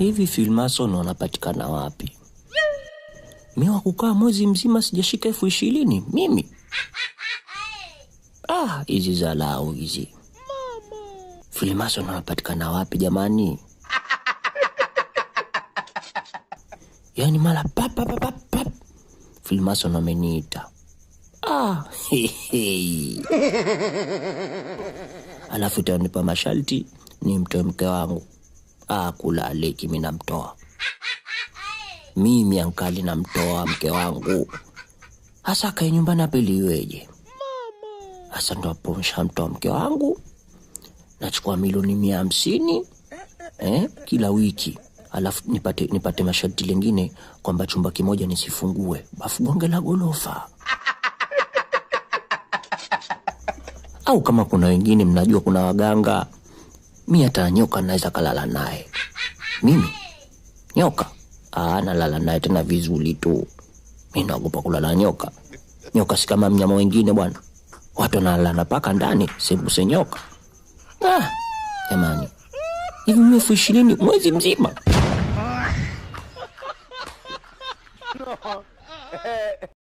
Hivi Filmason wanapatikana wapi? Mi kukaa mwezi mzima sijashika elfu ishirini mimi. Ah, hizi zalau hizi. Filmason wanapatikana wapi jamani? Yaani mara pap pap pap pap, Filmason wameniita. Ah, alafu itanipa masharti ni mtoe mke wangu akulaleki, mimi namtoa mimi ankali, namtoa mke wangu hasa kae nyumbani apeliweje? Hasa ndo mke wangu, nachukua milioni mia hamsini eh, kila wiki alafu nipate, nipate masharti lengine kwamba chumba kimoja nisifungue, afu bonge la golofa au kama kuna wengine mnajua, kuna waganga mi hata nyoka naweza kalala naye mimi nyoka ah, nalala naye tena vizuri tu. Mi naogopa kulala nyoka. Nyoka si kama mnyama wengine bwana, watu wanalala na paka ndani, sembuse nyoka. Ah, jamani, hivi mi elfu ishirini mwezi mzima